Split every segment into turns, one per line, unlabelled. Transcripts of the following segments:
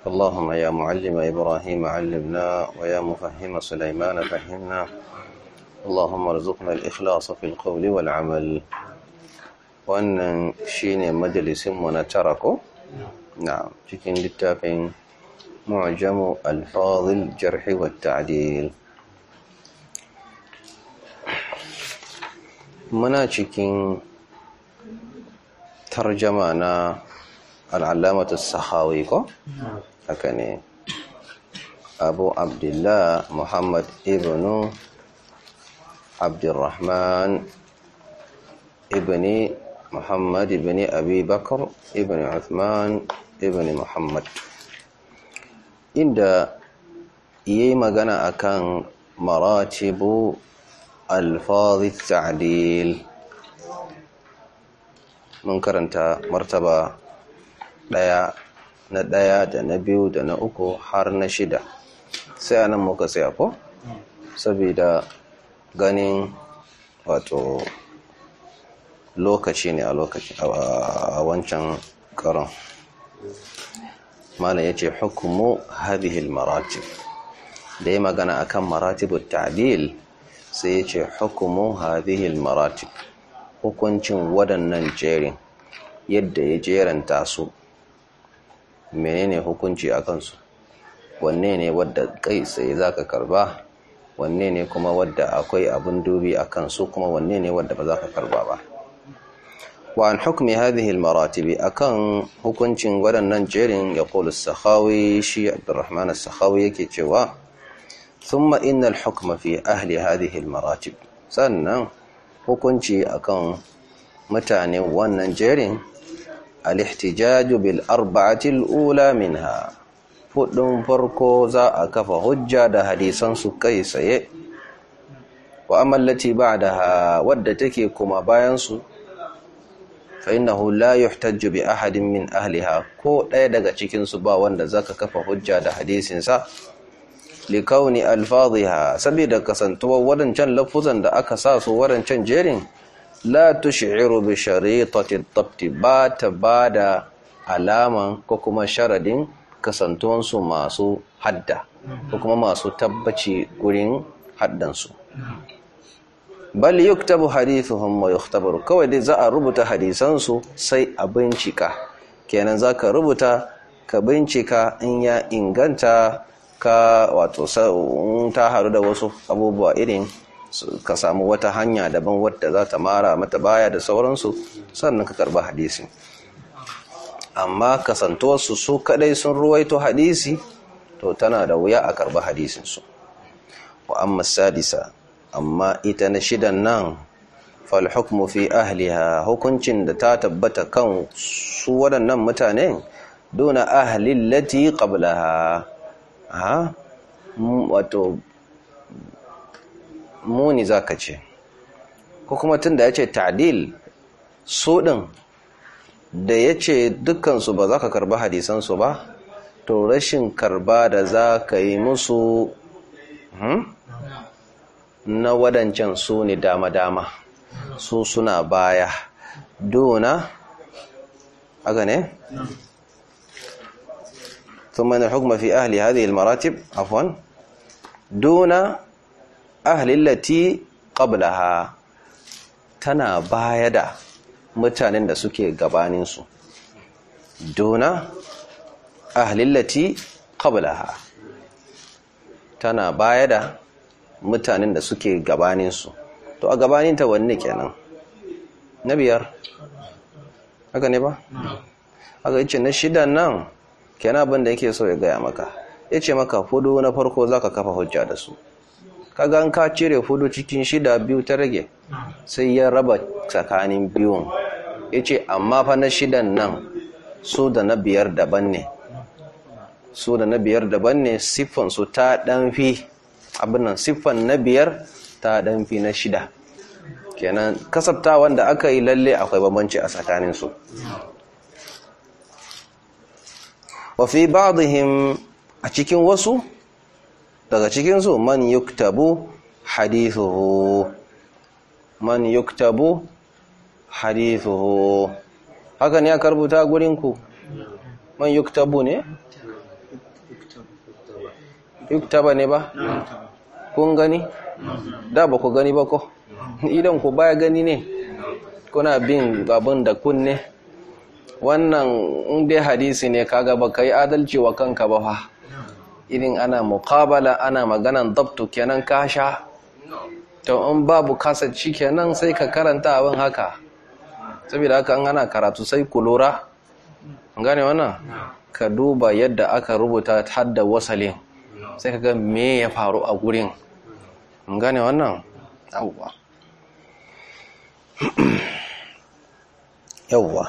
اللهم يا معلم إبراهيم علمنا ويا مفهم سليمان فهمنا اللهم ارزقنا الإخلاص في القول والعمل وأن شين مجلس ونتركه نعم شكين للتافين معجم الفاظ الجرح والتعديل منا شكين ترجمانا العلامة السخاويكو نعم. haka ne abu abdullah muhammad ibn abdurrahman ibn muhammad ibn abi bakar ibn uthman ibn muhammad inda yi magana akan maratibu alfazi ta'dil mun karanta martaba ɗaya na ɗaya da na biyu da na uku har na shida sai a nan muka tsaya ko saboda ganin wato lokaci ne a lokaci a wancan karon malam ya ce hukumu hadihil maratib da ya magana a kan maratibu ta'adil sai ya ce hukumu hadihil maratib hukuncin waɗannan jerin yadda ya jeranta su menene hukunci a kansu wanne ne wadda kai sai za ka karba wanne ne kuma wadda akwai abin dubi a kansu kuma wanne ne wadda ba za ka karba ba wa an hukumi hadhihi maratibi a akan hukuncin waɗannan jerin ya qulu as shi Abdurrahman as yake cewa thumma inna al-hukma fi ahli hadhihi al-maratib sannan hukunci akan mutane wannan jerin al-ihtijaju bil arba'atil ula minha fudin farko za a kafa hujja da hadisan su kai tsaye wa amallati ba'daha wadda take kuma bayan su fa innahu la yuhtaju bi ahadin min ahliha ko ɗaya daga cikin su ba wanda zaka kafa hujja da hadisin sa likauni alfaziha saboda kasantuwar wadancan lafuzan da aka sa su wadancan jerin la tushiru bi sharitatit tabti ba ta ba da alaman ko kuma sharadin kasantuwansu masu hadda ko kuma masu tabbaci gurin haddansu bal yuktabu hadithuhum wa yuktabaru kawai dai za a rubuta hadisansu sai a bincika kenan za ka rubuta ka bincika in ya inganta ka wato ta haru da wasu abubuwa irin ka samu wata hanya daban wadda za ta mara mata baya da sauransu sannan ka karba hadisi amma kasantuwarsu su kadai sun ruwaito hadisi to tana da wuya a karba hadisinsu wa amma sadisa amma ita na shidan nan fal mu fi ahliha hukuncin da ta tabbata kan su waɗannan mutane duna ahli lati ƙablaha ha wato muni za ka ce ko kuma tun da ya ce ta'adil su ɗin da ya ce dukkansu ba za ka karba hadisansu ba to rashin karba da za ka yi musu hmm, na wadancan su ne dama-dama su suna baya duna aga ne? ثم ان الحكم في اهل هذه المراتب عفوا دون ahlillati qablaha tana baya da mutanen da suke gabaninsu dona ahlillati qablaha tana baya da mutanen da suke gabaninsu to a gabanin ta wanne kenan na biyar haka ne ba haka yace na shidan nan kenan abin da yake so ya gaya maka yace maka hudu na farko zaka kafa hujja da su kaga an ka cire hudu cikin shida biyu ta rage sai ya raba tsakanin biyu ya ce amma fa na shidan nan su da na biyar daban ne su da na biyar daban ne su ta ɗanfi abinan siffan na biyar ta ɗanfi na shida kenan kasabta wanda aka yi lalle akwai bambanci a tsakanin tsakaninsu wafi ba'dihim a cikin wasu daga cikinsu man yuktabu hadithuhu man yuktabu hadithuhu haka ne aka rubuta gurinku man yuktabu ne yuktaba ne ba kun gani da ba ku gani ba ko idan ku baya gani ne kuna bin abin da kunne wannan inda hadisi ne kaga ba kai adalci wa kanka ba fa irin ana muqabala ana maganan dabtu kenan kasha to in babu kasar shi kenan sai ka karanta abin haka saboda haka an ana karatu sai ku lura gane wannan ka duba yadda aka rubuta hadda wasalin sai ka ga me ya faru a gurin gane wannan yauwa yauwa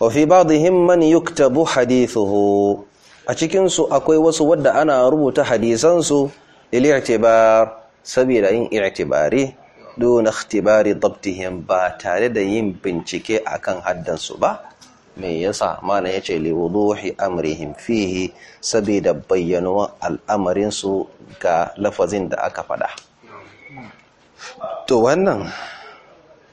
wa fi ba'dihim man yuktabu hadithuhu a cikinsu akwai wasu wadda ana rubuta hadisansu lil'tibar saboda yin i'tibari don ikhtibari dabtihim ba tare da yin bincike akan haddansu ba me yasa mana yace li wuduhi amrihim fihi saboda bayyanuwa su ga lafazin da aka fada to wannan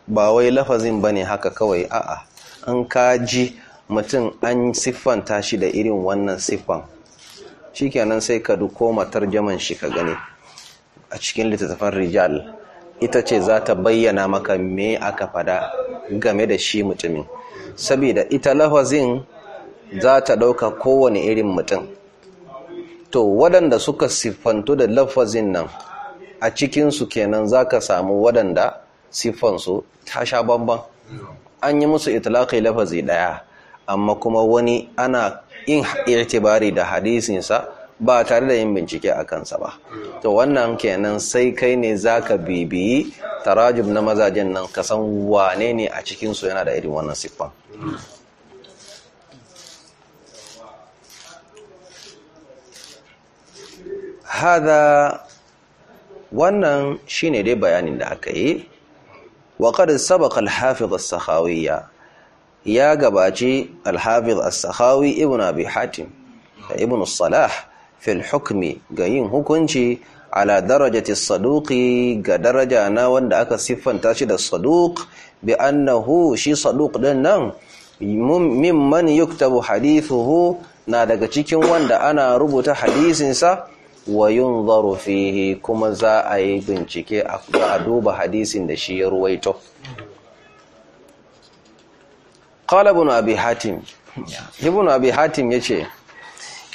ba wai lafazin bane haka kawai a'a an kaji mutum an siffanta shi da irin wannan siffan shikenan sai ka duko matar jaman shi ka gani a cikin littattafan rijal ita ce za ta bayyana maka me aka fada game da shi mutumin saboda ita lafazin za ta ɗauka kowane irin mutum to waɗanda suka siffantu da lafazin nan a cikinsu kenan za ka samu waɗanda siffansu ta sha bambam an yi musu itilakai lafazi ɗaya amma kuma wani ana yin irtibari da hadisinsa ba tare da yin bincike a kansa ba to wannan kenan sai kai ne zaka bibiyi tarajib na mazajen nan ka san wane ne a cikinsu yana da irin wannan siffan hada wannan shine dai bayanin da aka yi wa qad sabaqa al-hafiz as ya gabaci alhafiz al sakhawi ibn abi hatim da ibn salah fil hukmi ga yin hukunci ala darajati saduqi ga daraja na wanda aka siffanta shi da saduq bi annahu shi saduq din nan mimman yuktabu hadithuhu na daga cikin wanda ana rubuta hadisinsa wa yunzaru fihi kuma za a yi bincike a duba hadisin da shi ya ruwaito qala ibn abi hatim ibn abi hatim yace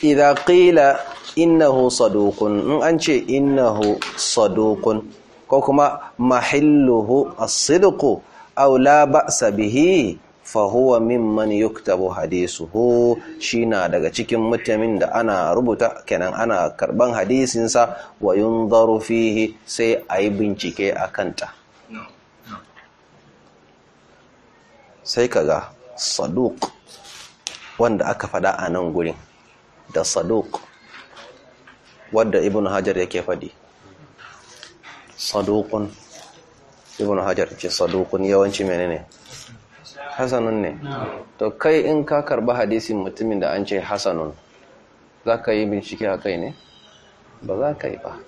idza qila innahu saduqun in an ce innahu saduqun ko kuma mahilluhu as sidiku aw la ba'sa bihi fa huwa mimman yuktabu shi shina daga cikin mutumin da ana rubuta kenan ana karban hadisinsa wa yunzaru fihi sai ayi bincike a kanta sai kaga Saduk wanda aka fada a nan gurin da saduk wadda ibn hajar yake fadi sadukun ibn hajar ce sadukun yawanci menene hasanun ne to kai in ka karba hadisin mutumin da an ce hasanun za ka yi bincike a kai ne ba za ka yi ba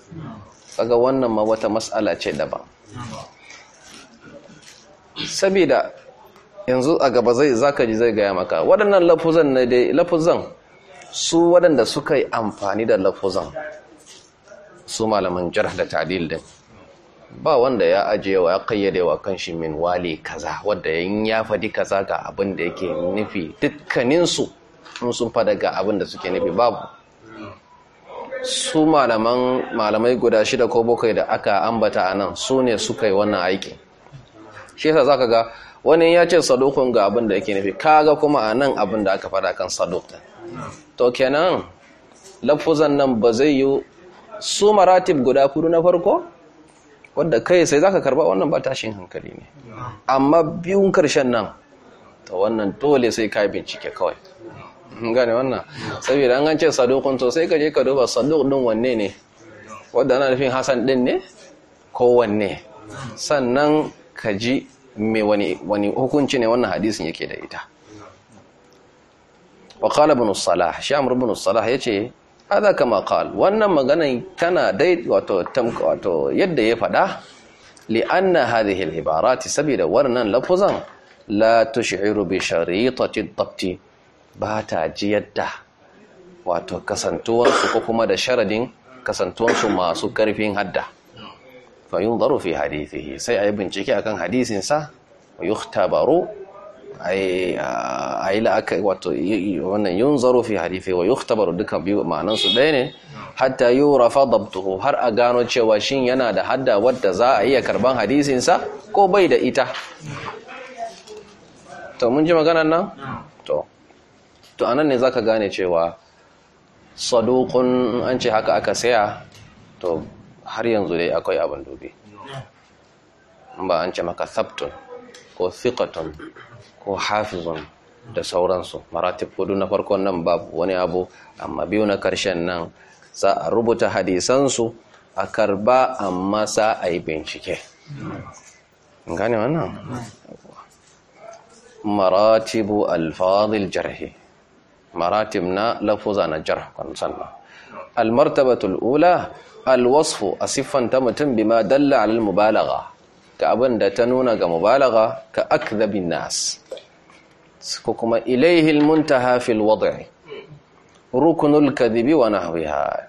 kaga wannan ma wata matsala ce daban sabida yanzu a gaba zai zaka ji zai gaya maka waɗannan lafuzan na dai lafuzan su waɗanda suka yi amfani da lafuzan su malaman jarh da ta'dil din ba wanda ya ajiyewa ya kayyadewa kan shi min wale kaza wanda yin ya fadi kaza ga abin da yake nufi dukkaninsu in sun fada ga abin da suke nufi babu su malaman malamai guda shida ko bakwai da aka ambata a nan su ne suka yi wannan aiki shi yasa zaka ga wani ya ce sadukun ga abin da yake nufi kaga kuma a nan abin da aka fada kan saduk to kenan lafuzan nan ba zai yi su maratib guda kudu na farko wadda kai sai za ka karba wannan ba tashin hankali ne amma biyun karshen nan to wannan dole sai ka bincike kawai gane wannan saboda an gance sadukun to sai ka je ka duba saduk din wanne ne wadda ana nufin hasan din ne ko wanne sannan ka ji me wani hukunci ne wannan hadisin yake da ita Waƙala bin salah shi amr ibn salah yace hada kama qal wannan maganan tana dai wato yadda ya faɗa? li'anna anna hadhihi al ibarat sabida wannan lafuzan la bi sharitati dabti ba ta ji yadda wato kasantuwarsu ko kuma da sharadin kasantuwarsu masu karfin hadda fa yunzaru fi hadithihi sai ayi bincike akan hadisinsa sa yukhtabaru ai ai la aka wato wannan yunzaru fi hadithi wa yukhtabaru duka biyu ma'anansu ɗaya ne hatta yurafa dabtuhu har a gano cewa shin yana da hadda wadda za a iya karban hadisin sa ko bai da ita to mun ji maganar nan to a nan ne zaka gane cewa saduqun an ce haka aka saya to har yanzu dai akwai abin dubi ba an ce maka sabtun ko thiqatun ko hafizun da sauransu maratib hudu na farko nan babu wani abu amma biyu na karshen nan za a rubuta hadisansu a karba amma sa a yi bincike gani wannan maratibu alfadil jarhi maratib na lafuza na jarh kan sannan almartabatul ula alwasfu a siffanta mutum bima dalla alal mubalaga ga abin da ta nuna ga mubalaga ka akdhabin nas ko kuma ilaihi almuntaha fil wad'i rukunul kadhibi wa nahwiha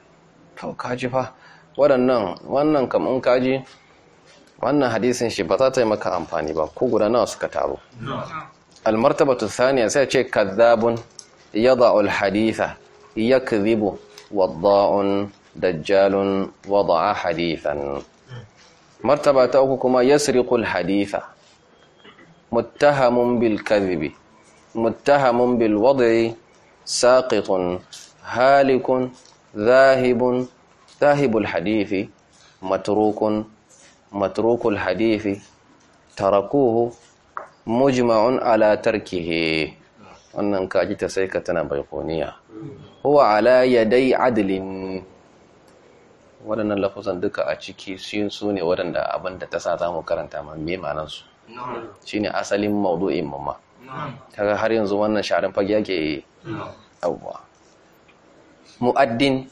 to kaji fa wannan kam in kaji wannan hadisin shi ba za ta maka amfani ba ko guda nawa suka taro almartabatu thaniya sai ce kadhabun yada'u alhaditha yakdhibu wadda'un dajjalun wada'a hadithan martaba ta uku kuma yasriqul haditha muttahamun bil kadhibi muttahamun bil wad'i saqitun halikun zahibun zahibul hadithi matrukun matrukul hadithi tarakuhu mujma'un ala tarkihi wannan kaji ta sai ka tana baikoniya huwa ala ya yadai adlin waɗannan lafuzan duka a ciki su ne waɗanda abin da ta sa za mu karanta ma me manansu shi ne asalin maudu'in mamma kaga har yanzu wannan sharin fage yake abuwa mu'addin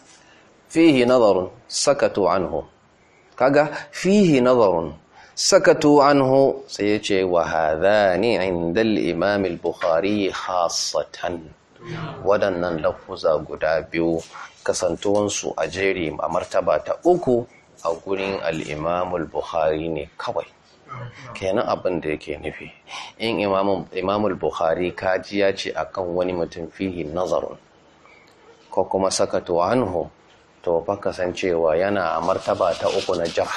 fihi nazarun sakatu anhu kaga fihi nazarun sakatu anhu sai ya ce wa hadhani ne imamil indal imamil buhari hasatan waɗannan lafuza guda biyu kasantuwansu a jeri a martaba ta uku a gurin al'imamul buhari ne kawai kenan abin da yake nufi in imamul buhari kajiya ce akan wani mutum fihi nazarun ko kuma sakatu hannu to fa kasancewa yana a martaba ta uku na jar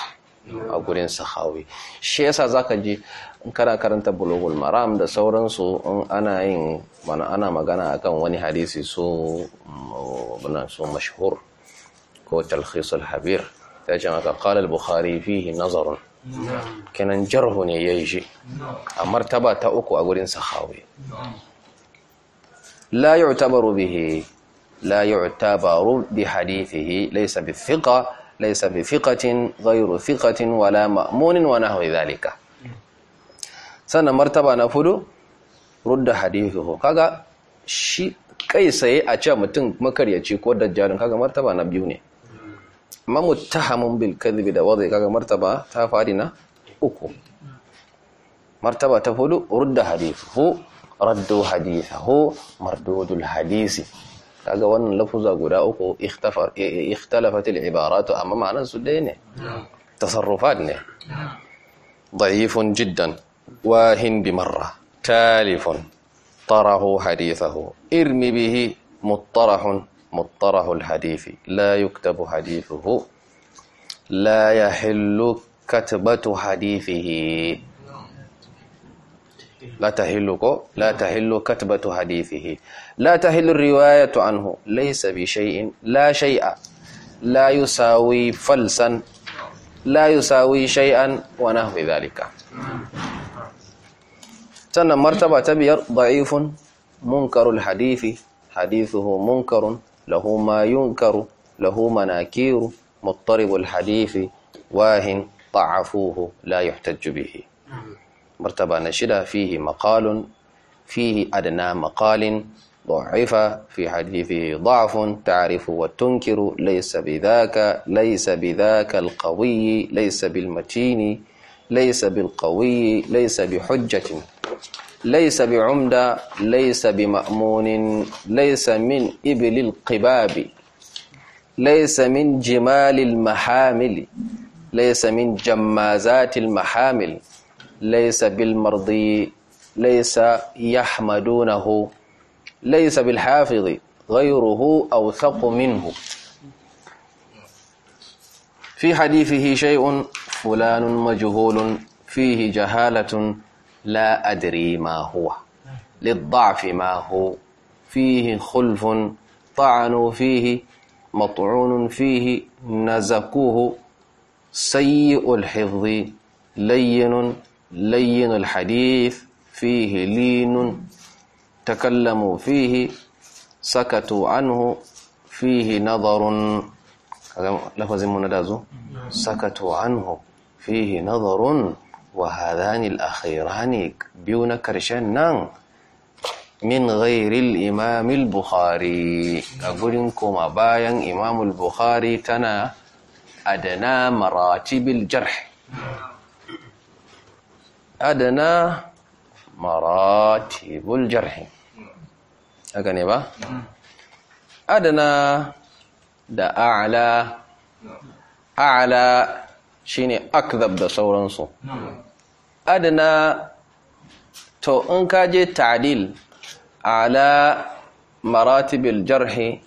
a gurin sahawi shi yasa zaka ji in kana karanta bulugul maram da sauransu in ana yin mana ana magana akan wani hadisi so bana so mashhur ko talkhis habir ta ce ka qala al-bukhari fihi nazarun kenan jarhu ne yayi shi a martaba ta uku a gurin sahawi la yu'tabaru bihi la yu'tabaru bi hadithihi laysa bi thiqa laisa bi fiqatin ghayru fiqatin wala ma'munin wa nahwi dhalika sannan martaba na fudu rudda hadithuhu kaga shi kai sai a ce mutum makaryaci ko dajjalin kaga martaba na biyu ne amma muttahamun bil kadhibi da wadai kaga martaba ta fadi na uku martaba ta fudu rudda hadithuhu raddu hadithuhu mardudul hadisi اغوان لفظا غدا اوكو اختفر اختلفت العبارات اما معنى سدينه نعم. تصرفاتنا نعم. ضعيف جدا واهن بمره تالف طره حديثه ارمي به مطرح مطرح الحديث لا يكتب حديثه لا يحل كتبه حديثه la tahillu ko la tahillu katbatu hadithihi la tahillu riwayatu anhu laysa bi shay'in la shay'a la yusawi falsan la yusawi shay'an wa nahwi dhalika sannan martaba ta biyar da'ifun munkarul hadithi hadithuhu munkarun lahu ma yunkaru lahu manakiru muttaribul hadithi wahin ضعفوه لا يحتج به مرتبة نشدة فيه مقال فيه أدنى مقال ضعف في حديثه ضعف تعرف وتنكر ليس بذاك ليس بذاك القوي ليس بالمتين ليس بالقوي ليس بحجة ليس بعمدة ليس بمأمون ليس من إبل القباب ليس من جمال المحامل ليس من جمازات المحامل ليس بالمرضي ليس يحمدونه ليس بالحافظ غيره أوثق منه في حديثه شيء فلان مجهول فيه جهالة لا أدري ما هو للضعف ما هو فيه خلف طعن فيه مطعون فيه نزكوه سيء الحفظ لين لين الحديث فيه لين تكلموا فيه سكتوا عنه فيه نظر لفظ منداز سكتوا عنه فيه نظر وهذان الأخيران بيون كرشان من غير الإمام البخاري أقول لكم أبايا إمام البخاري تنا أدنى مراتب الجرح adana maratibul jarhi haka ne ba adana da a'la a'la shine akdhab da sauransu adana to in ka je ta'dil ala maratibil jarhi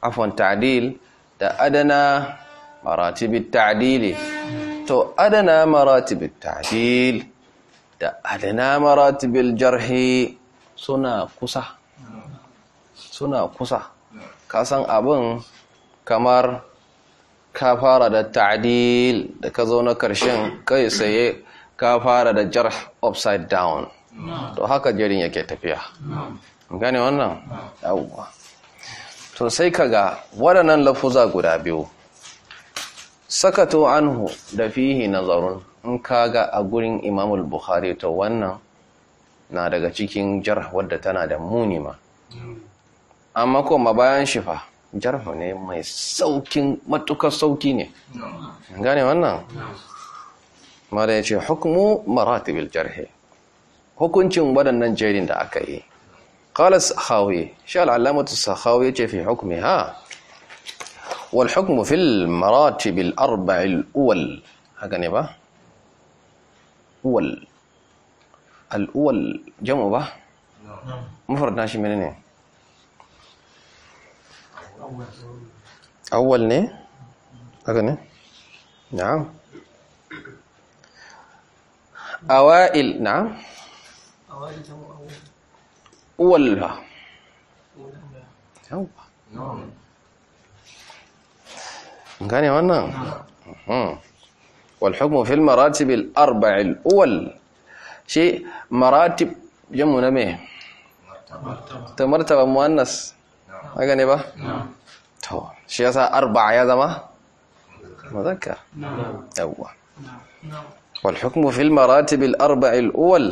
afwan ta'dil da adana maratibit ta'dili to adana maratibit ta'dil da adana maratibil jarhi suna kusa suna kusa kasan abin kamar ka fara da ta'dil da ka zo na karshen kai saye ka fara da jarh upside down to haka jerin yake tafiya gane wannan yawwa to sai kaga waɗannan lafuza guda biyu Sakato anhu da fihi nazarun in kaga a gurin imamul buhari to wannan na daga cikin jarh wadda tana da muni ma amma kuma bayan shifa jarh ne mai saukin matuƙar sauki ne gane wannan mara ya ce hukumu maratibil jarhe hukuncin waɗannan jerin da aka yi ƙala sahawi shi al'alamatu sahawi ce fi hukumi ha wal hukumu fil maratibil arba'il uwal haka ne ba al'uwal al'uwal jam'u ba shi mene ne? awwal ne aka ne na'am awail na'am awail jam'u awwal awwal ba gane wannan والحكم في المراتب الأربع الأول شيء مراتب جمع نميه مرتبة مؤنس نعم أغني با نعم شيء سا أربع يا زما مذكر نعم أول نعم. نعم والحكم في المراتب الأربع الأول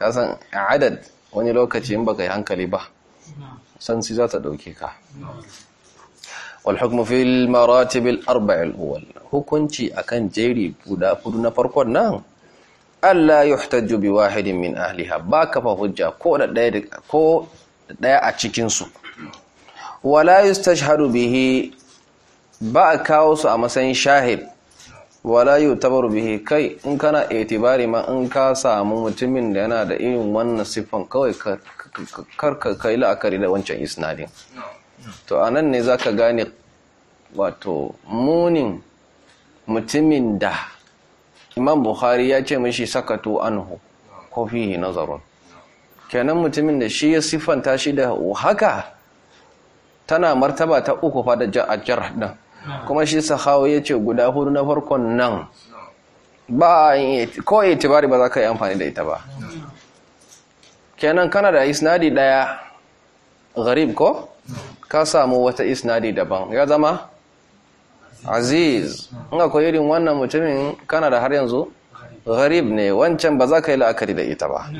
نعم عدد وني لوكتي ينبقى با نعم سنسي ذات دوكيكا نعم والحكم في المراتب الأربع الأول hukunci akan jeri guda hudu na farkon nan Allah yuhtaju bi wahidin min ahliha ba kafa hujja ko da daya a cikin su wala yustashhadu bihi ba kawo su a matsayin shahid wala yutabaru bihi kai in kana itibari ma in ka samu mutumin da yana da irin wannan siffan kawai kar ka kai la'akari da wancan isnadin to a nan ne za ka gane wato munin mutumin da imam buhari ya ce mashi sakatu anhu ko nazarun kenan mutumin da shi ya siffanta shi da haka tana martaba ta uku fada jar din kuma shi sahawa ya ce guda hudu na farkon nan ba ko itibari ba za ka yi amfani da ita ba kenan kana da isnadi daya gharib ko ka samu wata isnadi daban ya zama aziz in akwai irin wannan mutumin kana da har yanzu gharib ne wancan ba za ka yi la'akari da ita ba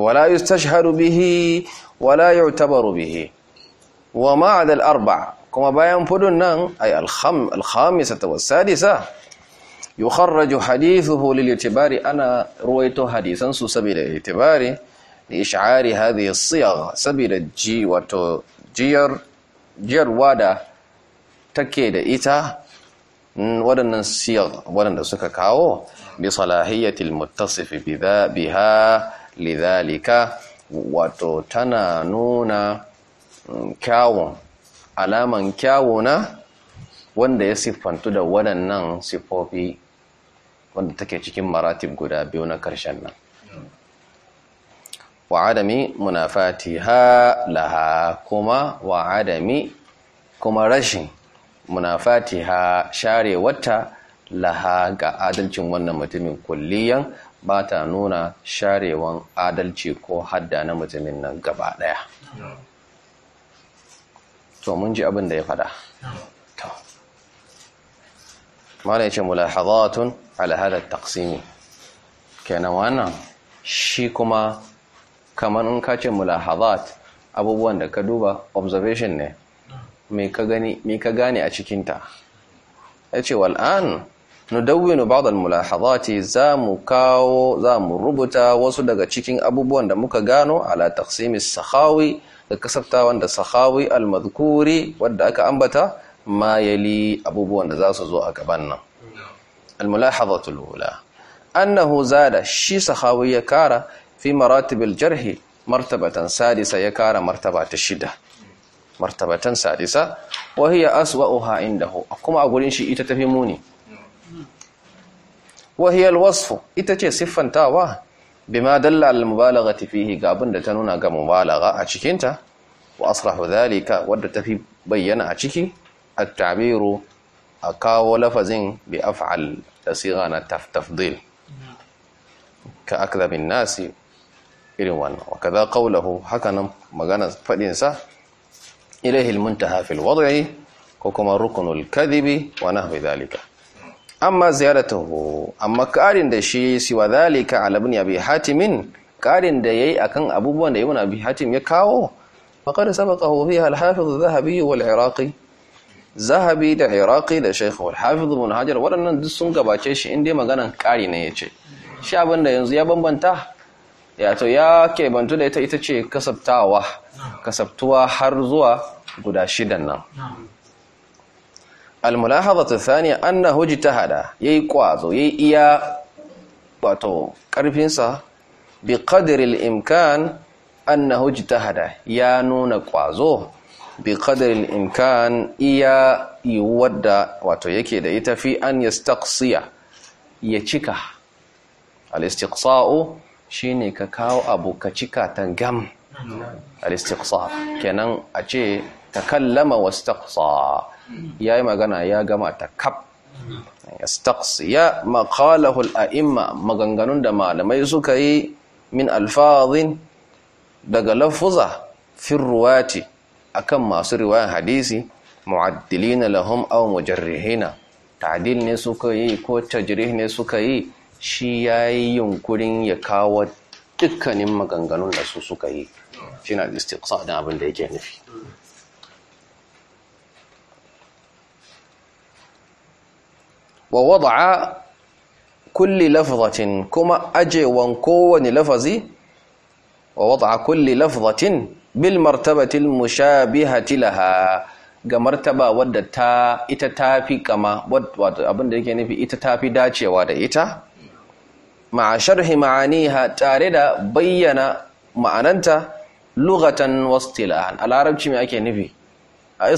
wala yustashharu bihi wala yu'tabaru bihi wa ma'adal al-arba kuma bayan fudun nan ay al-kham al-khamisata was-sadisa yukharraju itibari ana ruwaito hadisan su saboda i'tibari da ishari hadhi siyar saboda ji wato jiyar jiyarwa da take da ita waɗannan siyar waɗanda suka kawo bi salahiyatil muttasif biha lidhalika wato tana nuna kyawun alaman kyawuna wanda ya siffantu da waɗannan siffofi wanda take cikin maratib guda biyu na ƙarshen nan wa adami munafatiha laha kuma wa adami kuma rashin munafatiha share wata laha ga adalcin wannan mutumin kulliyan ba ta nuna sharewan adalci ko hadda na mutumin nan gaba daya to mun ji abin da ya fada to mana yace mulahazatun ala hada taqsimi kenan wannan shi kuma kamar in ka ce mulahazat abubuwan da ka duba observation ne me ka gane a cikinta ya ce wal'an nudawwinu ba'd al-mulahazati za mu kawo za mu rubuta wasu daga cikin abubuwan da muka gano ala taqsimi sakhawi da kasafta wanda sakhawi al-madhkuri wanda aka ambata ma yali abubuwan da za su zo a gaban nan al-mulahazatu al-ula annahu zada shi sakhawi ya kara fi maratibil jarhi martabatan sadisa ya kara martaba ta shida martabatan sadisa wahiya aswa'uha indahu kuma a gurin shi ita tafi muni wahiya alwasfu ita ce siffantawa bima dalla al mubalaghati fihi ga abin da ta nuna ga mubalagha a cikin ta wa asrafa dhalika wadda tafi bayyana a ciki at-ta'biru a kawo lafazin bi af'al da sigha na tafdil ka akdhabin nasi irin wannan wa kaza qawluhu hakanan magana fadin sa ilayhi almuntaha fil wad'i ko kuma rukunul kadibi wa nahwi dhalika amma ziyaratuhu amma karin da shi siwa dhalika ala ibn abi hatim karin da yayi akan abubuwan da ibn bi hatim ya kawo faqad sabaqahu fiha al-hafiz wal-iraqi zahabi da iraqi da shaykh wal hafiz ibn hajar waɗannan duk sun gabace shi inda maganan kari ne yace shi abinda yanzu ya bambanta yato ya kebantu da ita ita ce kasabtawa kasabtuwa har zuwa guda shidan nan almulahazatu thaniya annahu jitahada yayi kwazo yayi iya wato karfinsa bi qadri al annahu jitahada ya nuna kwazo bi qadri al-imkan iya yuwadda wato yake da ita fi an yastaqsiya ya cika al-istiqsa'u shine ka kawo abu ka cika ta gam? al-istiqsar kenan a ce takallama wastaqsa yayi magana ya gama ta kaf yastaqsiya maqalahu al-a'imma maganganun da malamai suka yi min alfazin daga lafuza fin ruwati akan masu riwayan hadisi mu'addilina lahum aw mujarrihina ta'dil ne suka yi ko tajrih ne suka yi shi ya yi yunkurin ya kawo dukkanin maganganun da su suka yi shi na istiqsadin abin da yake nufi wa wada'a kulli lafzatin kuma ajewan kowane lafazi wa wada'a kulli lafzatin bil martabatil mushabihati laha ga martaba wadda ta ita tafi kama abin da yake nufi ita tafi dacewa da ita ma'asharhi sharhi ma'aniha tare da bayyana ma'ananta lugatan wastilahan a larabci mai ake nufi a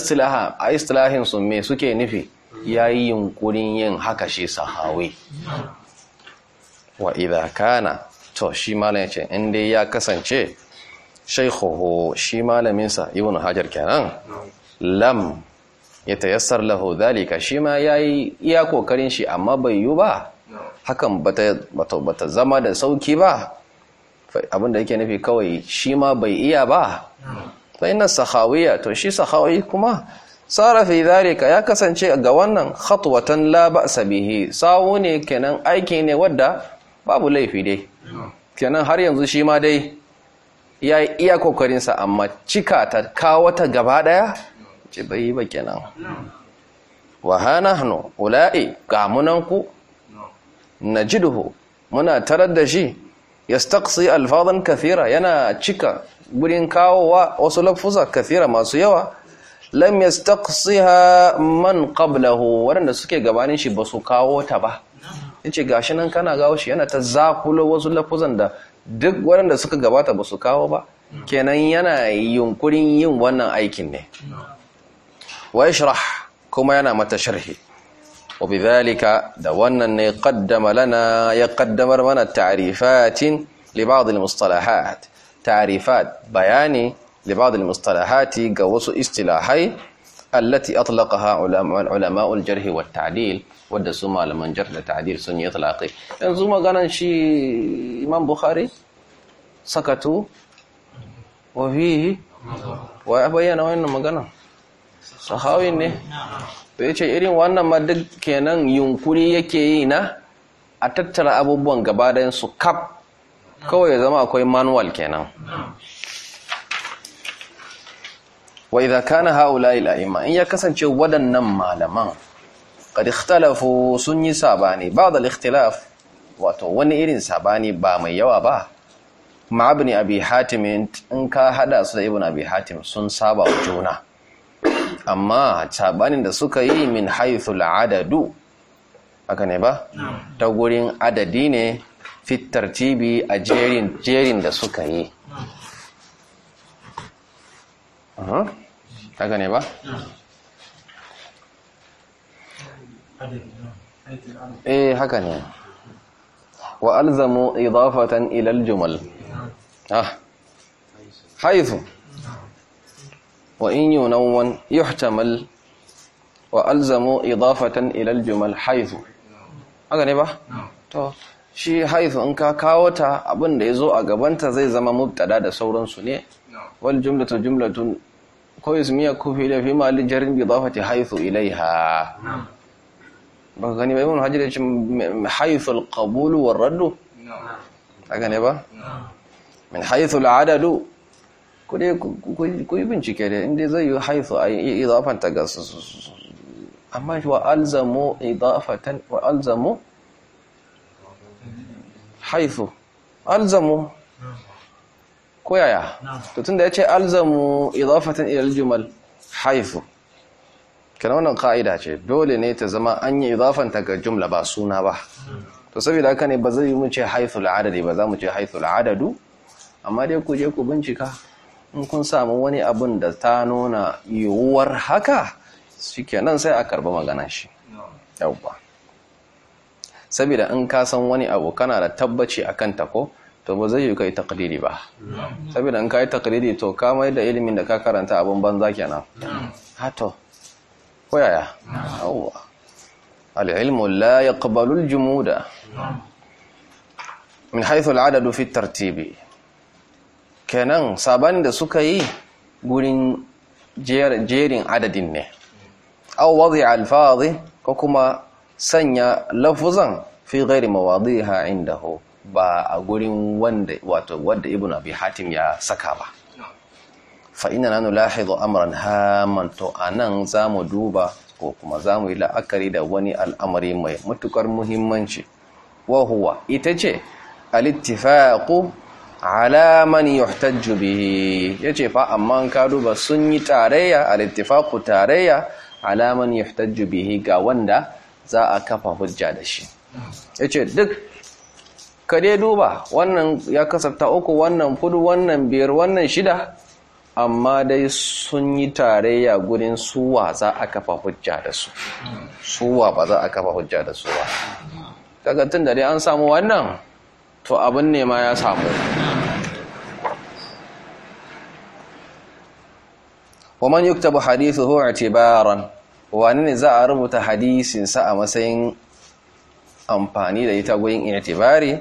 istilahin su me suke nufi ya yi yunkurin yin haka shi sahawi wa idakana kana to shi malam ya ce inda ya kasance shaikhoho shi malaminsa na hajar kenan lam ya tayassar laho zalika shi ma yi iya kokarin shi amma bai yi ba hakan bata zama da sauki ba abinda yake nufi kawai shi ma bai iya ba sai na sahawiya to shi sahawi kuma sara fi ya kasance ga wannan khatwatan la ba'sa bihi sawu ne kenan aiki ne wadda babu laifi dai kenan har yanzu shi ma dai ya yi iya kokarinsa amma cika ta kawo ta gaba daya ce bai yi ba kenan wa hannu ula'i ga ku najiduhu muna tarar da shi yastaqsi alfazan kafira yana cika gurin kawowa wasu lafusa kafira masu yawa lam yastaqsiha man qablahu waɗanda suke gabanin shi ba su kawo ta ba yace gashi nan kana gawo shi yana ta zakulo wasu lafuzan da duk waɗanda suka gabata ba su kawo ba kenan yana yunkurin yin wannan aikin ne wa yashrah kuma yana mata sharhi وبذلك دونا أن يقدم لنا يقدم لنا تعريفات لبعض المصطلحات تعريفات بياني لبعض المصطلحات قوص استلاحي التي أطلقها علماء الجره والتعديل ودى سمى لمن جرد تعديل سني إطلاقي انظوما قنان شيء إمام بخاري سكتوا وفيه وأبيانا وإنما قنان صحاوي to ya ce irin wannan ma duk kenan yunkuri yake yi na a tattara abubuwan gaba ɗayan su kaf kawai ya zama akwai manual kenan wa idza kana haula ila'ima in ya kasance waɗannan malaman qad ikhtalafu sun yi sabani ba'd al-ikhtilaf wato wani irin sabani ba mai yawa ba ma'abni abi hatim in ka hada su da ibn abi hatim sun saba juna amma cabanin da suka yi min haithul adadu haka ne ba ta gurin adadi ne fitar cibi a jerin jerin da suka yi haka ne ba eh haka ne wa alzamu idafatan ilal jumal ha ah. haithu وإن ينون يحتمل وألزم إضافة إلى الجمل حيث haka ne ba? to shi haithu in ka kawo ta abin da ya zo a gabanta zai zama mubtada da sauransu ne wal jumlatu jumlatun ko ismiya ko fi da fi ma'alin jarin bi zafati haithu ilaiha ba ka gani ba ibn hajjar ya ce haithu alqabulu war raddu haka ne ba min haithu al'adadu ku dai ku yi bincike dai inda zai yi haifu a yi idafanta ga su amma wa alzamu idafatan wa alzamu haifu alzamu ko yaya da ya ce alzamu idafatan ila aljumal haifu kana wannan ka'ida ce dole ne ta zama an yi idafanta ga jumla ba suna ba to saboda haka ne ba zai mu ce haifu adadi ba za mu ce haifu adadu amma dai ku je ku bincika in kun samu wani abun da ta nuna yiwuwar haka nan sai a karba magana shi yauwa saboda in ka san wani abu kana da tabbaci a kanta ko to ba zai yi kai takdiri ba saboda in ka yi takdiri to ka mai da ilimin da ka karanta abin banza kenan hato koyaya yauwa al-ilmu la yaqbalu al-jumuda min haythu al-adadu fi kenan saban da suka yi gurin jerin adadin ne au wazi alfazi ko kuma sanya lafuzan fi ha inda ho ba a gurin wanda wato wadda Ibn abi hatim ya saka ba fa na nanu amuran amran haman to a za mu duba ko kuma za mu yi la'akari da wani al'amari mai matukar muhimmanci Wahuwa ita ce alittifaku ala man yuhtajju bihi yace fa amma an ka duba sun yi tarayya al-ittifaqu tarayya ala man yuhtajju bihi ga wanda za a kafa hujja da shi yace duk ka dai duba wannan ya kasafta uku wannan fudu wannan biyar wannan shida amma dai sun yi tarayya gurin suwa za a kafa hujja da su suwa ba za a kafa hujja da su ba tun da dai an samu wannan to abin nema ya samu waman yuktabu hadithuhu i'tibaran wani ne za a rubuta hadisinsa a matsayin amfani da ita guyin i'tibari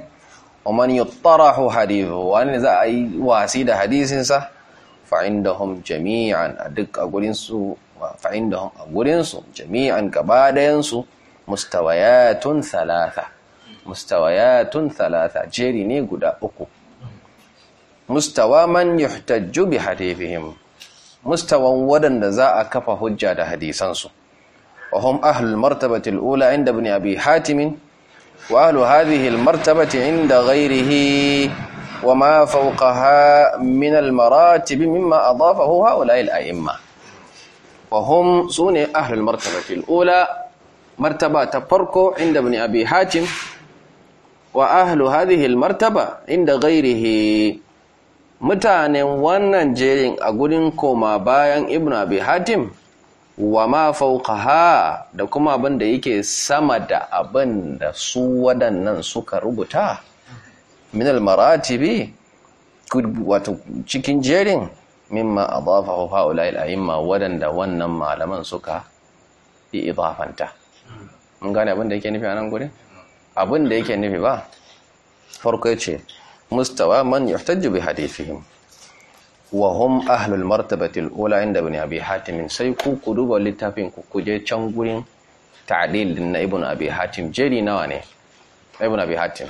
waman yuttarahu hadithu wani ne za a yi wasi da hadisinsa fa'indahum jami'an a duk a gurinsu fa'indahum a gurinsu jami'an gaba mustawayatun thalatha jeri ne guda uku mustawa man yuhtajju bi hadithihim mustawan wadanda za a kafa hujja da hadisansu wa hum ahlul martabati al-ula inda ibn abi hatim wa ahlu hadhihi al-martabati inda ghayrihi wa ma fawqaha min al mimma adafahu haula al-a'imma wa hum sunni ahlul martabati al-ula martaba ta farko inda ibn abi hatim wa ahlu hadihil martaba inda gairihi mutanen wannan jerin a gudun koma bayan ibn abi hatim wa ma fauqaha da kuma abin da yake sama da abin da su waɗannan suka rubuta min al-maratibi wato cikin jerin mimma adafahu haula al-a'imma waɗanda wannan malaman suka yi idafanta mun gane abin da yake nufi a nan gudun? abin da yake nufi ba farko ce mustawa man yuhtaju bi hadithihim wa hum ahlul martabatil ula inda ibn abi hatim sai ku ku duba littafin ku kuje can gurin ta'dil din na ibn abi hatim jeri nawa ne ibn abi hatim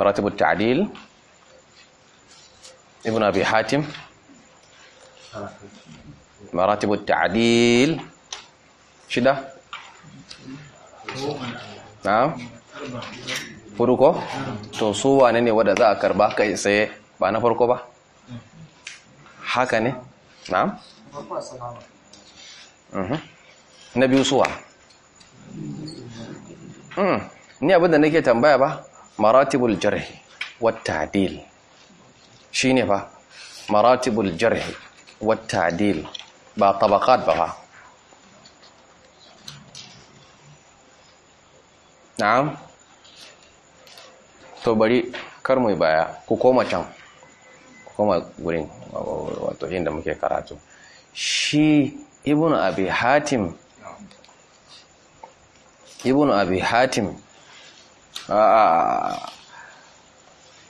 مراتب التعديل ابن أبي حاتم مراتب التعديل شدة نعم فرقه توصوا أنني ودى ذا أكربا كي سي بانا فرقه با حكني نعم na biyu suwa ni abinda nake tambaya ba maratibul jarhi wat ta'dil shine fa maratibul jarhi wata ta'dil ba tabaqat ba na'am to bari kar mu baya ku koma can ku koma gurin wato inda muke karatu shi ibnu abi hatim ibnu abi hatim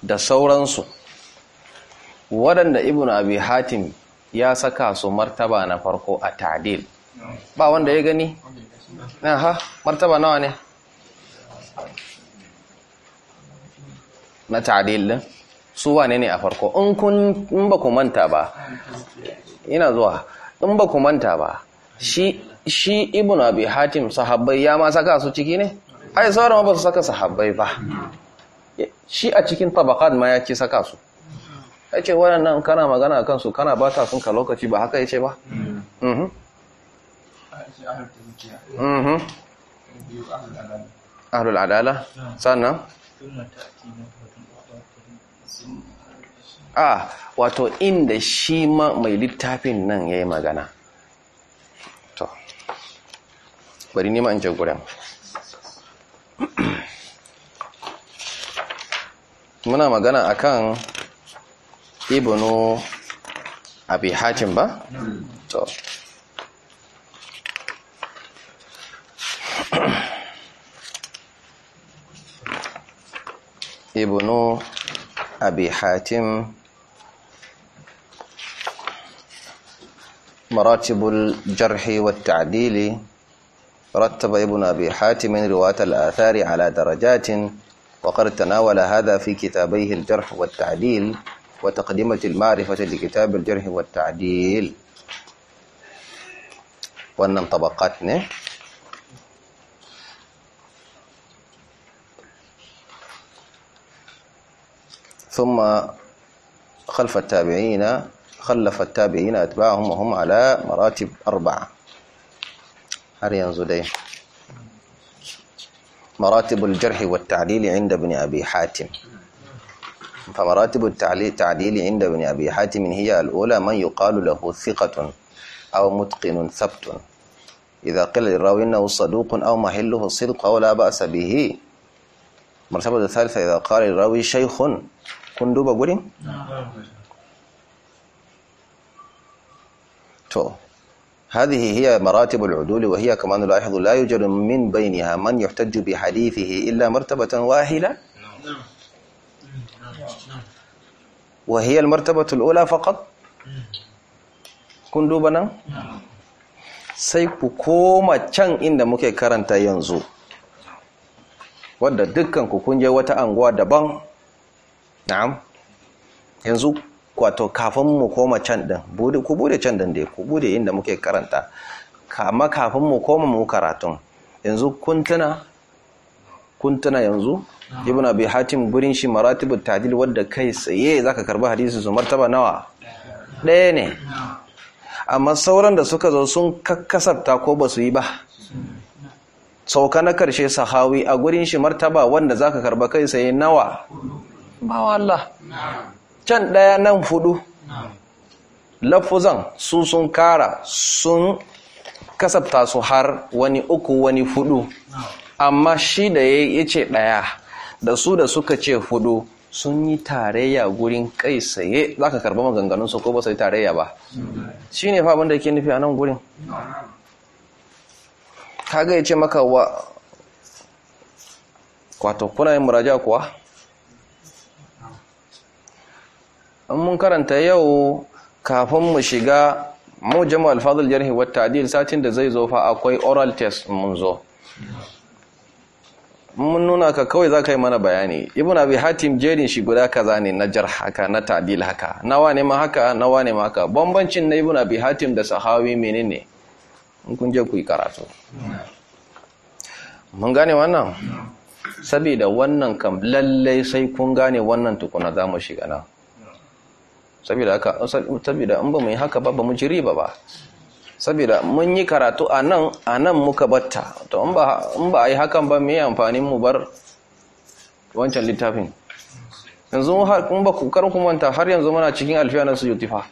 da sauransu waɗanda ibn abi hatim ya saka su martaba na farko a tadil ba wanda ya gani ha martaba nawa ne na tadil din su wane ne a farko in kun in ba ku manta ba ina zuwa in ba ku manta ba shi shi ibn abi hatim sahabbai ya ma saka su ciki ne ai sauran ba su saka sahabbai ba shi a cikin tabakat ma ya ce saka su ya ce waɗannan kana magana kansu kana ba ta sun ka lokaci ba haka ya ce ba mm-hmm. Mm-hmm. ahlul adala sannan a ah, wato inda shi ma mai littafin nan ya yi magana to bari nima in ce gudan muna magana akan ibnu abi hatim ba to ibnu abi hatim maratibul jarhi wata رتب ابن أبي حاتم رواة الآثار على درجات وقد تناول هذا في كتابيه الجرح والتعديل وتقدمة المعرفة لكتاب الجرح والتعديل وأنم طبقاتنا ثم خلف التابعين خلف التابعين أتباعهم وهم على مراتب أربعة har yanzu dai مراتب الجرح والتعديل عند ابن أبي حاتم فمراتب التعديل عند ابن أبي حاتم هي الأولى من يقال له ثقة أو متقن ثبت إذا قل للراوي إنه صدوق أو محله صدق أو لا بأس به مرتبة الثالثة إذا قال الراوي شيخ كندوب أقولين نعم. تو هذه هي مراتب العدول وهي كما نلاحظ لا يوجد من بينها من يحتج بحديثه إلا مرتبة واحدة وهي المرتبة الأولى فقط kun duba nan sai ku koma can inda muke karanta yanzu wadda dukkan ku kunje wata anguwa daban yanzu wato kafin mu koma can din ku bude can din dai ku bude inda muke karanta kama kafin mu koma mu karatun yanzu kuntuna kuntuna yanzu ibn abi hatim gurin shi maratibu ta'dil wanda kai tsaye zaka karba hadisi su martaba nawa ɗaya ne amma sauran da suka zo sun kakkasarta ko ba su yi ba sauka na karshe sahawi a gurin shi martaba wanda zaka karba kai tsaye nawa ba Allah can ɗaya nan fudu lafuzan su sun kara sun kasabta su har wani uku wani fudu amma shi da ya yi ce ɗaya da su da suka ce fudu sun yi tarayya gurin kai saye za ka karba maganganunsu ko ba su yi tarayya ba shi ne fa abinda ke nufi a nan gurin kaga ya ce maka wa kwato kuna yin muraja kuwa in mun karanta yau kafin mu shiga mu jama'a alfadul jarhi wa ta'dil satin da zai zo fa akwai oral test mun zo mun nuna ka kawai za ka yi mana bayani ibn abi hatim jerin shi guda kaza ne na jar haka na ta'dil haka nawa ne ma haka nawa ne ma haka bambancin na ibn abi hatim da sahawi menene in kun je ku yi karatu mun gane wannan Sabida wannan kam lallai sai kun gane wannan tukuna za mu shiga nan saboda haka saboda an ba mu yi haka ba ba mu jiri ba ba saboda mun yi karatu a nan a nan muka batta to in ba a yi hakan ba mai amfanin mu bar wancan littafin yanzu har kun ba kar ku manta har yanzu muna cikin alfiya na yi, fa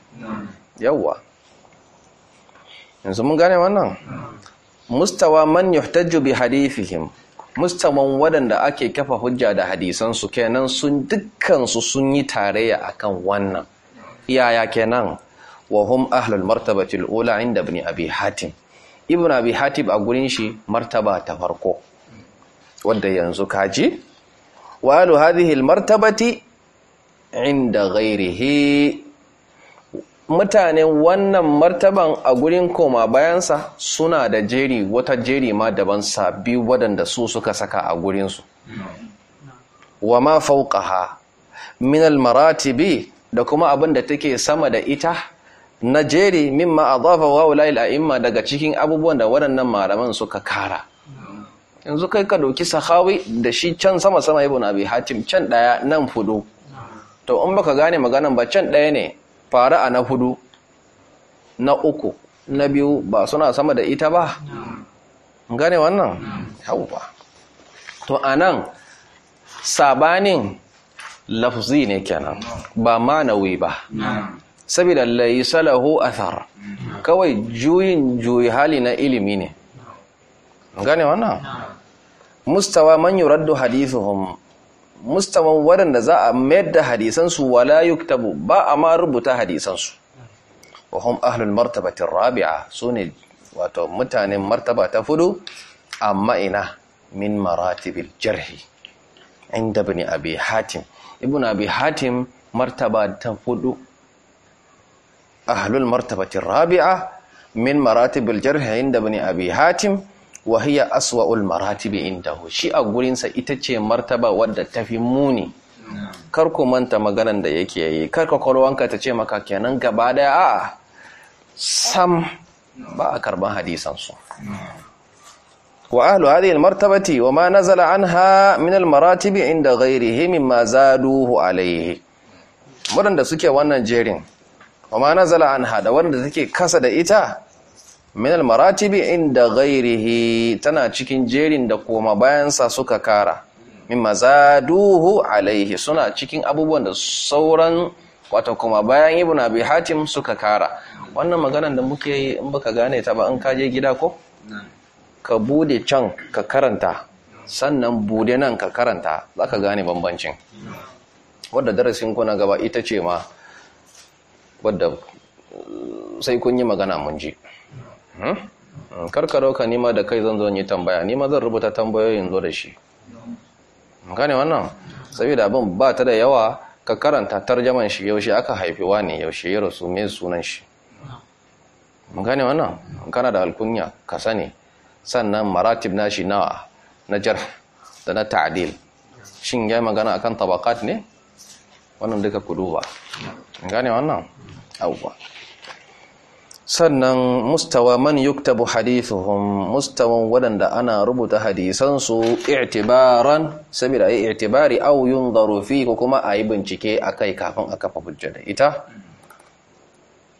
yawwa yanzu mun gane wannan mustawa man yuhtaju bi hadithihim mustawan wadanda ake kafa hujja da hadisan su kenan sun dukkan su sun yi tarayya akan wannan yaya kenan wa hum ahlul martabatil ula inda ibn abi hatim ibn abi hatim a gurin shi martaba ta farko wanda yanzu kaji wa alu hadhihi al martabati inda ghairihi mutanen wannan martaban a gurin koma bayansa suna da jeri wata jeri ma daban sabi waɗanda su suka saka a gurin su. wa ma fawqaha min al maratibi da kuma abin da take sama da ita na jeri min adafa wa a la'imma daga cikin abubuwan da waɗannan malaman suka kara yanzu kai ka doki sahawi da shi can sama sama ibu na hatim can ɗaya nan hudu to in baka gane maganan ba can ɗaya ne fara a na hudu na uku na biyu ba suna sama da ita ba gane wannan ba to anan sabanin lafzi ne kenan ba manawi ba saboda laisa lahu athar kawai juyin juyi hali na ilimi ne gane wannan mustawa man yuraddu hadithuhum mustawan waɗanda za a mayar da hadisansu wala yuktabu ba a ma rubuta hadisansu wa hum ahlul martabatin rabi'a sune wato mutanen martaba ta fudu amma ina min maratibil jarhi inda bani abi hatim ibn abi hatim martaba ta hudu ahlul martabati rabi'a min maratibil jarh inda bani abi hatim wa hiya aswa'ul maratibi indahu shi a gurinsa ita ce martaba wadda tafi muni kar ku manta maganan da yake yi kar ka kwalwanka ta ce maka kenan gaba daya a sam ba a karban su wa هذه المرتبة وما نزل عنها من المراتب عند غيره مما زادوه عليه waɗanda suke wannan jerin amma nazala anha da waɗanda take kasa da ita min almaratibi inda ghairihi tana cikin jerin da bayan sa suka kara mimma zaduhu alaihi suna cikin abubuwan da sauran wato kuma bayan ibnu abi hatim suka kara wannan maganar da muke yi in baka gane ta ba an kaje gida ko ka bude can ka karanta sannan bude nan ka karanta za ka gane bambancin wadda darasin kuna gaba ita ce ma wadda eh, sai kun yi magana mun ji hmm? hmm, karkaro ka nima da kai zan zo yi tambaya nima zan rubuta tambayoyin zo da shi gane wannan saboda abin ba ta da yawa ka karanta tarjaman shi yaushe aka wa ne yaushe ya rasu mai sunan shi gane wannan kana da alkunya ka sani sannan maratib nashi nawa na jarh da na ta'dil shin ya magana akan tabakat ne wannan duka kuluba gane wannan abuwa sannan mustawa man yuktabu hadithuhum mustawan wadanda ana rubuta hadisansu i'tibaran saboda ai i'tibari aw yunzaru fi ko kuma ayi bincike a kai kafin a kafa hujja da ita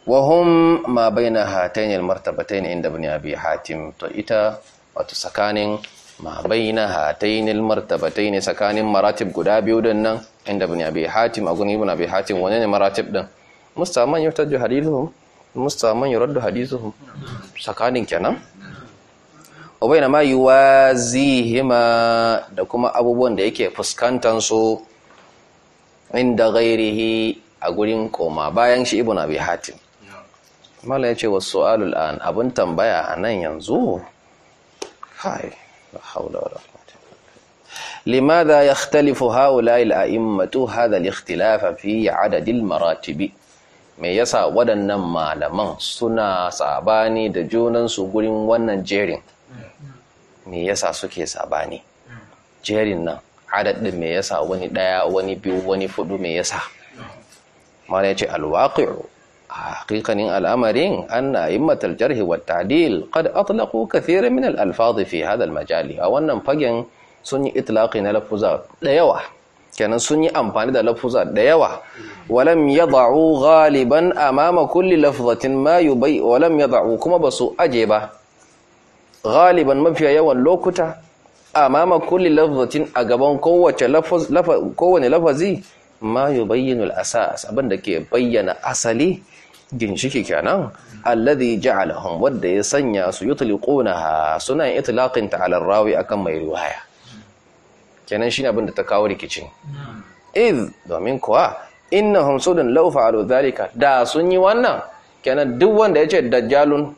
wahum ma baina hatain almartabatain inda ibn abi hatim to ita wato tsakanin ma baina hatain almartabatain tsakanin maratib guda biyu din nan inda ibn abi hatim a gurin ibn abi hatim wani ne maratib din mustaman yutaju hadithuhum mustaman yuraddu hadithuhum tsakanin kenan wabaina ma yi yuwazihima da kuma abubuwan da yake fuskantan su inda gairihi a gurin koma bayan shi ibu ibn abi hatim mala ya ce wa su'alul an abin tambaya a nan yanzu kai la haula wala quwwata limadha yakhtalifu haula'i al-a'immatu hadha al-ikhtilafa maratibi me yasa waɗannan malaman suna sabani da junansu gurin wannan jerin me yasa suke sabani jerin nan adadin me yasa wani daya wani biyu wani fudu me yasa mala ya ce al-waqi'u حقيقة الأمرين أن أئمة الجرح والتعديل قد أطلقوا كثيرا من الألفاظ في هذا المجال أو أن فجن سن إطلاق لفظات ليوة كان سن أمفان لفظات ليوة ولم يضعوا غالبا أمام كل لفظة ما يبي ولم يضعوا كما بسوا أجيبا غالبا ما في يوان لوكتا أمام كل لفظة أقبان قوة لفظ, لفظ قوة لفظي ما يبين الأساس أبن دكي بيّن أصلي ginshiki kenan alladhi ja'alahum wanda ya sanya su yutliqunaha suna itlaqin ta ala rawi akan mai riwaya kenan shine abin da ta kawo rikicin iz domin kuwa innahum sudan law fa'alu dhalika da sun yi wannan kenan duk wanda yace dajjalun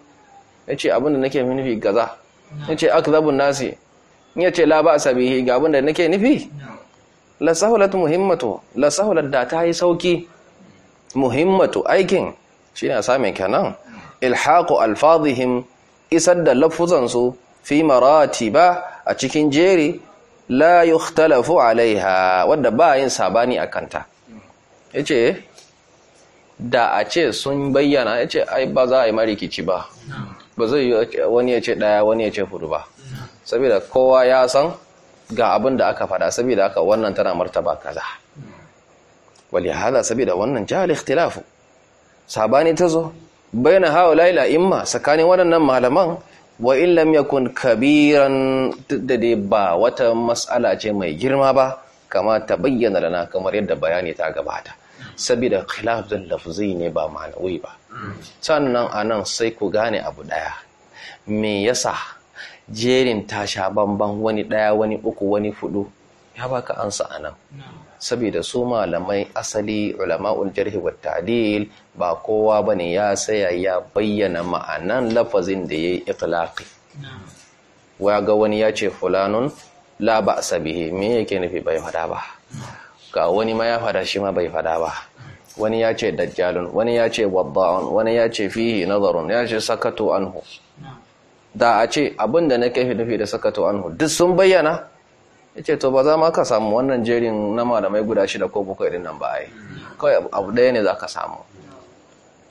yace abin da nake nufi gaza yace akzabun nasi yace la ba sabihi ga abin da nake nufi la sahulatu muhimmatu la sahulat da ta yi sauki muhimmatu aikin shi ne sami kenan ilhaku alfazihim isar da lafuzansu fi marati ba a cikin jeri la yukhtalafu alaiha wadda ba yin sabani a Ya yace da a ce sun bayyana yace ai ba za a yi marikici ba ba zai yi wani ya ce daya wani ya ce hudu ba saboda kowa ya san ga abin da aka fada saboda aka wannan tana martaba kaza wali hada saboda wannan jali ikhtilafu sabani ta zo bayan haula ila imma tsakanin waɗannan malaman wa illam yakun kabiran da dai ba wata matsala ce mai girma ba kama ta bayyana da na kamar yadda bayani ta gabata saboda khilaf din lafzi ne ba ma'anawi ba sannan anan sai ku gane abu daya me yasa jerin ta sha bamban wani daya wani uku wani fudu ya baka ansa anan saboda su malamai asali ulama'ul jarhi wa ta'dil ba kowa ba ne ya saya ya bayyana ma'anan lafazin da yayi itlaqi wa ga wani ya ce fulanun la ba'sa me yake nufi bai fada ba ga wani ma ya fada shi ma bai fada ba wani ya ce dajjalun wani ya ce wadda'un wani ya ce fihi nazarun ya ce sakatu anhu da a ce abinda na nake nufi da sakatu anhu duk sun bayyana yace ce to ba za ma ka samu wannan jerin na malamai guda shida ko bakwai din nan ba ai kawai abu ɗaya ne za ka samu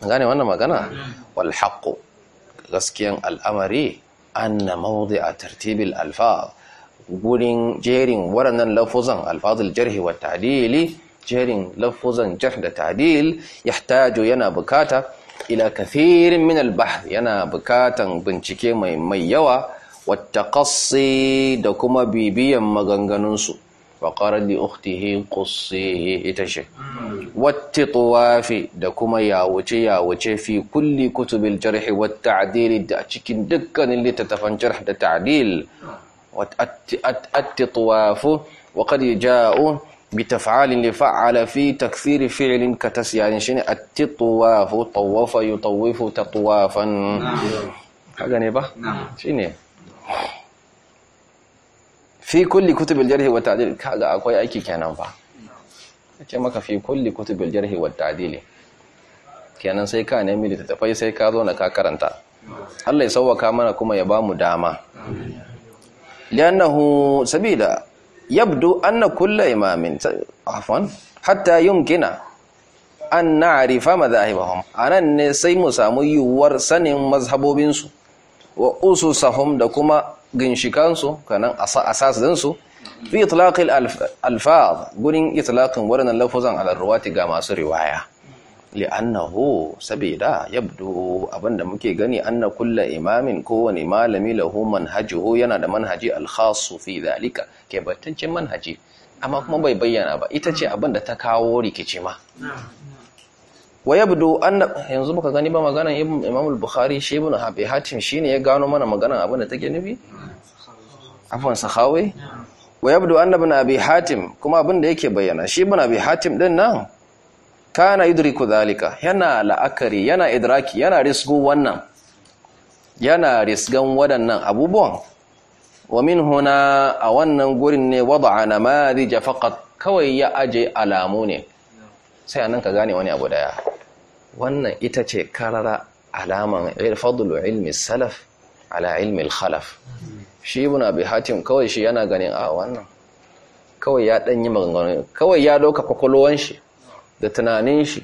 gane wannan magana wal haqqu gaskiyan al'amari anna mawdi'a tartibil alfaz gurin jerin waɗannan lafuzan alfazul jarhi wa ta'dili jerin lafuzan jarh da ta'dil yahtaju yana bukata ila kathirin min al yana bukatan bincike mai mai yawa wattaqassi da kuma bibiyan maganganunsu wa qarar li ukhtihi qussihi ita ce tuwafi da kuma yawuce yawuce fi kulli kutubin jarhi wata ta'dil da cikin dukkanin littattafan jarh da ta'dil wa attitwafu wa qad ja'u bi taf'alin li fa'ala fi takthiri fi'lin ka tasyan shine attitwafu tawafa ta tatwafan kaga ne ba shine fi kulli kutubil jarhi wa ta'dil kaga akwai aiki kenan fa ce maka fi kulli kutubil jarhi wa ta'dil kenan sai ka nemi littattafai sai ka zo na ka karanta Allah ya sauwaka mana kuma ya bamu dama li'annahu sabila yabdu anna kulla imamin afwan hatta yumkina an na'rifa madhahibahum anan ne sai mu samu yuwar sanin mazhabobinsu wa ususahum da kuma ginshikansu kanan asasinsu fi itlaqil alfaz gurin itlaqin waɗannan lafuzan alarruwati ga masu riwaya li'annahu sabida yabdu abinda muke gani anna kulla imamin kowane malami lahu manhajuhu yana da manhaji alhasufi, fi zalika ke battancin manhaji amma kuma bai bayyana ba ita ce abinda ta kawo rikici ma wa yabdu anna yanzu muka gani ba maganan Imam al-Bukhari shi ibn Abi Hatim shine ya gano mana maganan abin da take nufi afwan sahawi wa yabdu anna ibn Hatim kuma abin da yake bayyana shi ibn Abi Hatim din nan kana idriku zalika yana la'akari yana idraki yana risgo wannan yana risgan waɗannan abubuwan wa min huna a wannan gurin ne wada'a namadija faqat kawai ya aje alamu ne sai anan ka gane wani abu daya wannan ita ce karara alaman fadlu ilmi salaf ala ilmi khalaf shi ibn abi hatim kawai shi yana ganin a ah, wannan kawai ya dan yi maganganu kawai ya doka kokolowan shi da tunanin shi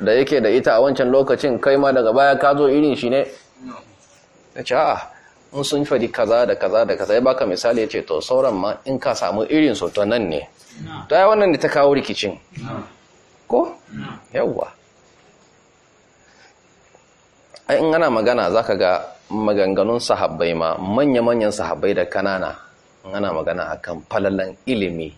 da yake da ita a wancan lokacin kai ma daga baya ka zo irin shi ne ya ce a'a in sun fadi kaza da kaza da kaza ya baka misali ya ce to sauran ma in ka samu irin su to nan ne ta yi wannan da ta kawo rikicin ko yawwa in ana magana za ka ga maganganun sahabbai ma manya-manyan sahabbai da kanana in ana magana akan falalan ilimi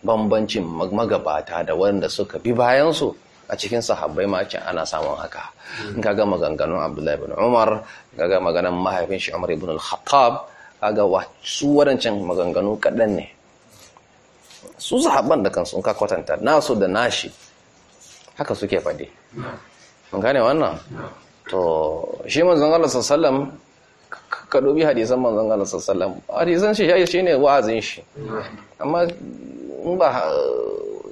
bambancin magabata da wanda suka bi bayansu a cikin sahabbai ma ana samun haka in kaga maganganun abdullahi bin umar kaga maganan mahaifin shi umar ibn al-khattab kaga su wadancan maganganu kaɗan ne su sahabban da kansu in ka kwatanta nasu da nashi haka suke faɗi mun gane wannan to shi manzon Allah sallallahu ka dubi hadisan manzon Allah sallallahu hadisan shi shi shine wa'azin shi amma in ba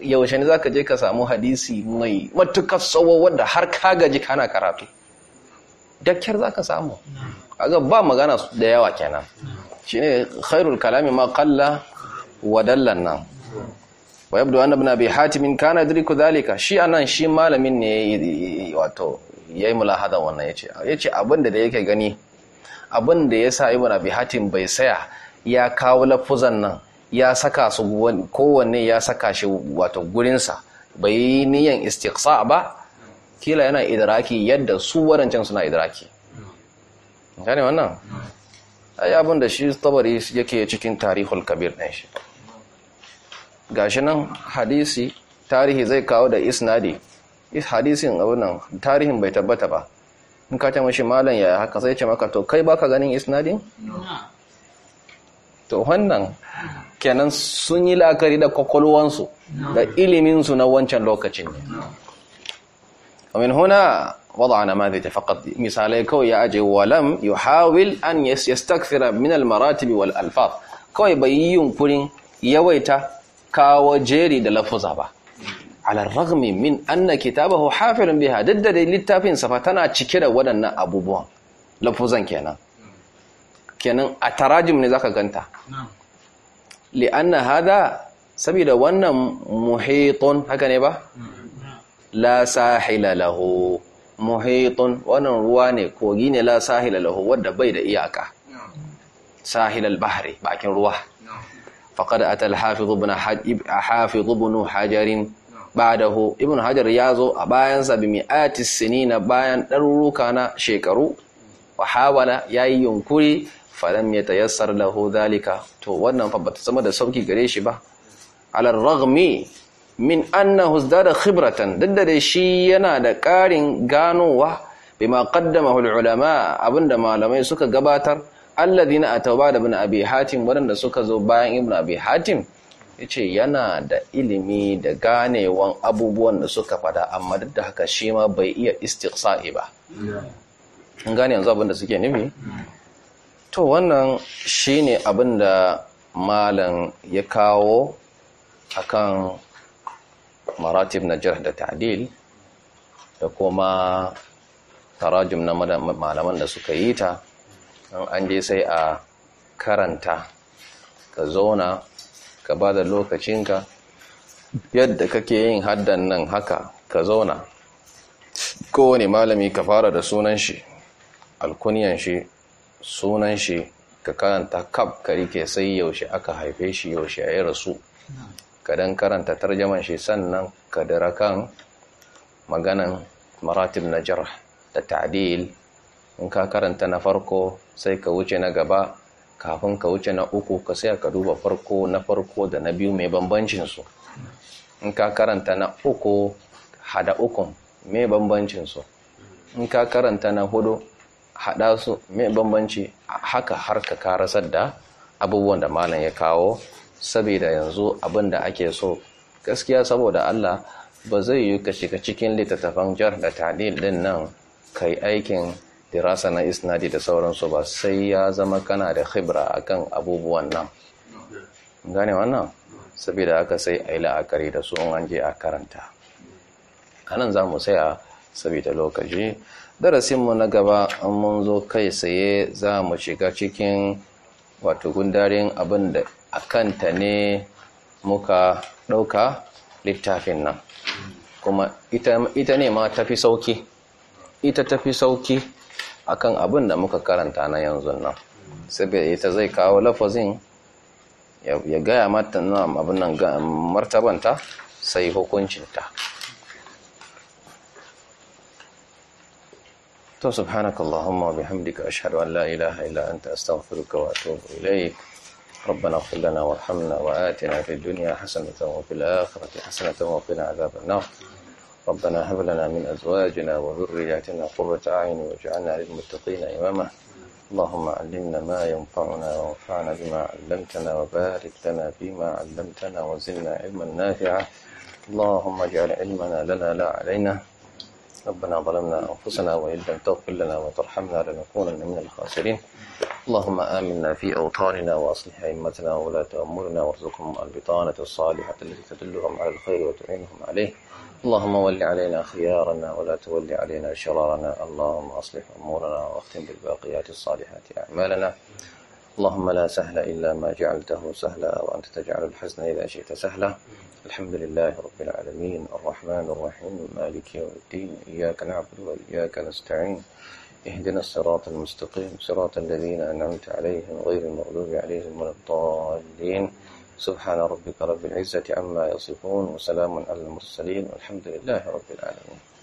yaushe ne zaka je ka samu hadisi mai matukar tsawo wanda har ka gaji kana karatu dakkar zaka samu kaga ba magana da yawa kenan shine khairul kalami ma qalla wa nan. wa yabdu anna ibn abi hatim kana yadriku dhalika shi anan shi malamin ne wato yayi mulahada wannan yace yace abinda da yake gani abinda yasa ibn abi hatim bai saya ya kawo lafuzan nan ya saka su kowanne ya saka shi wato gurinsa bai yi niyan istiqsa ba kila yana idraki yadda su wadancan suna idraki gane wannan ai abin da shi tabari yake cikin tarihul kabir ɗin shi gashi nan hadisi tarihi zai kawo da isnadi is hadisin nan tarihin bai tabbata ba in ka tamashi malam yaya haka sai ce maka to kai baka ganin isnadin to wannan kenan sun yi lakari da kwakwalwansu da iliminsu na wancan lokacin ne misalai kawai ya aje "Walam yi hawil an yi stakfira minal maratibi wal alfaf kawai bai yi yunkurin yawaita. kawo jeri da lafuza ba alar ragmi min anna kitabahu hafilun biha duk da dai littafin safa tana cike da waɗannan abubuwan lafuzan kenan kenan a tarajim ne zaka ganta li'anna hada saboda wannan muhitun haka ne ba la sahila lahu muhitun wannan ruwa ne kogi ne la sahila lahu wanda bai da iyaka sahilal bahri bakin ruwa faqad atal hafiz ibn hafiz ibn hajar ba'dahu ibn hajar yazo a bayan sa sinina bayan daruruka na shekaru wa hawala yayi yunkuri falam yatayassar lahu dhalika to wannan fa bata zama da sauki gare shi ba alal ragmi min annahu izdada khibratan daddare shi yana da ƙarin ganowa bima qaddamahu ulama abinda malamai suka gabatar Allah a ta'uba da bin abi hatim waɗanda suka zo bayan ibn abi hatim ce yana da ilimi da ganewan abubuwan da suka fada amma duk da haka shi ma bai iya istiqsa'i ba In gane yanzu abin da suke nufi to wannan shine abin da malam ya kawo akan maratib na jar da ta'adil da kuma tarajim na malaman da suka yi ta an je sai a karanta ka zauna ka ba da lokacinka yadda kake yin haddan nan haka ka zauna kowane malami ka fara da sunan shi alkuniyan shi sunan shi ka karanta kab ka rike sai yaushe aka haife shi yaushe yi rasu ka dan karanta tarjaman shi sannan ka dira kan maganan maratib na da ta'adil in ka karanta na farko sai ka wuce na gaba kafin ka wuce na uku ka sai ka duba farko na farko da na biyu mai bambancinsu in ka karanta na uku hada ukun mai bambancinsu in ka karanta na hudu hada su mai bambanci haka har ka karasar da abubuwan da malam ya kawo saboda yanzu abin da ake so gaskiya saboda Allah ba zai yi ka shiga cikin littattafan jar da tadil din nan kai aikin dirasa na isnadi da sauransu ba sai ya zama kana da khibra akan abubuwan nan gane wannan saboda aka sai a yi la'akari da su an je a karanta anan za mu saya saboda lokaci darasinmu na gaba an mun zo kai saye za mu shiga cikin wato gundarin abin da a kanta ne muka ɗauka littafin nan kuma ita, ne ma tafi sauki ita tafi sauki akan abin da muka karanta na yanzu nan saboda ita zai kawo lafazin ya gaya mata nan abin nan martabanta sai hukuncinta to subhanakallahumma bihamdika ashhadu an la ilaha illa anta astaghfiruka wa atubu ilayk ربنا اغفر لنا وارحمنا وآتنا في الدنيا حسنة وفي الآخرة حسنة وقنا عذاب النار ربنا هب لنا من أزواجنا وذرياتنا قرة أعين واجعلنا للمتقين إماما اللهم علمنا ما ينفعنا وانفعنا بما علمتنا وبارك لنا فيما علمتنا وزدنا علما نافعا اللهم اجعل علمنا لنا لا علينا ربنا ظلمنا أنفسنا وإن لم تغفر لنا وترحمنا لنكونن من الخاسرين اللهم آمنا في أوطاننا وأصلح أئمتنا وولاة أمورنا وارزقهم البطانة الصالحة التي تدلهم على الخير وتعينهم عليه اللهم ول علينا خيارنا ولا تول علينا شرارنا اللهم أصلح أمورنا واختم بالباقيات الصالحات أعمالنا اللهم لا سهل إلا ما جعلته سهلا وأنت تجعل الحزن إذا شئت سهلا الحمد لله رب العالمين الرحمن الرحيم مالك يوم الدين إياك نعبد وإياك نستعين اهدنا الصراط المستقيم صراط الذين أنعمت عليهم غير المغضوب عليهم ولا الضالين سبحان ربك رب العزة عما يصفون وسلام على المرسلين والحمد لله رب العالمين